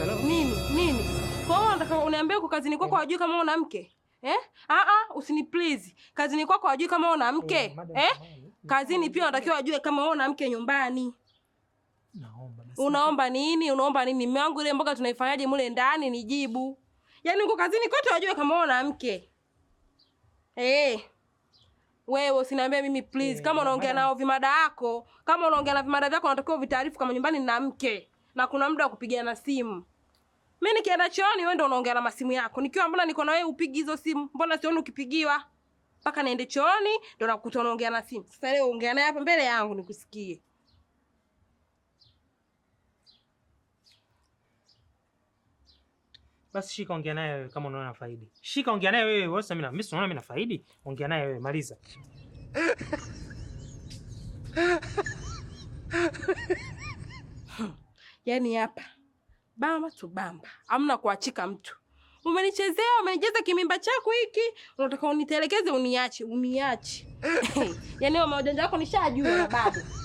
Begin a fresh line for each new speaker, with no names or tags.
salamu. Nini? Nini? Kwa hiyo unataka uniambie uko kazini kwako hujui eh. kama una mke? Eh? Ah ah, usini please. Kazini kwako hujui kama una mke? Eh? eh? Kazini pia unatakiwa ujue kama una mke nyumbani. Naomba Unaomba nini? Unaomba nini? Mume wangu ile mboga tunaifanyaje mule ndani nijibu. Yaani uko kazini kote wajue kama una mke. Eh. Wewe usiniambie mimi please, eh, kama unaongea nao vimada yako, kama unaongea na vimada vyako unatakiwa vitaarifu kama nyumbani na mke na kuna muda wa kupigana simu. Mimi nikienda chooni, wewe ndio unaongea na masimu yako. Nikiwa mbona niko na wewe upigi hizo simu? Mbona sioni ukipigiwa? Mpaka niende chooni ndio nakuta unaongea na simu. Sasa leo ongea naye hapa mbele yangu nikusikie.
Basi shika ongea naye wewe kama unaona faidi. Shika ongea naye wewe, wewe sasa mimi na mimi unaona mimi na faidi. Ongea naye wewe, maliza.
Yaani hapa bamba tu bamba, hamna kuachika mtu. Umenichezea, umenijeza kimimba chako hiki, unataka unitelekeze, uniache uniache. Yaani wajanja wako nishajua bado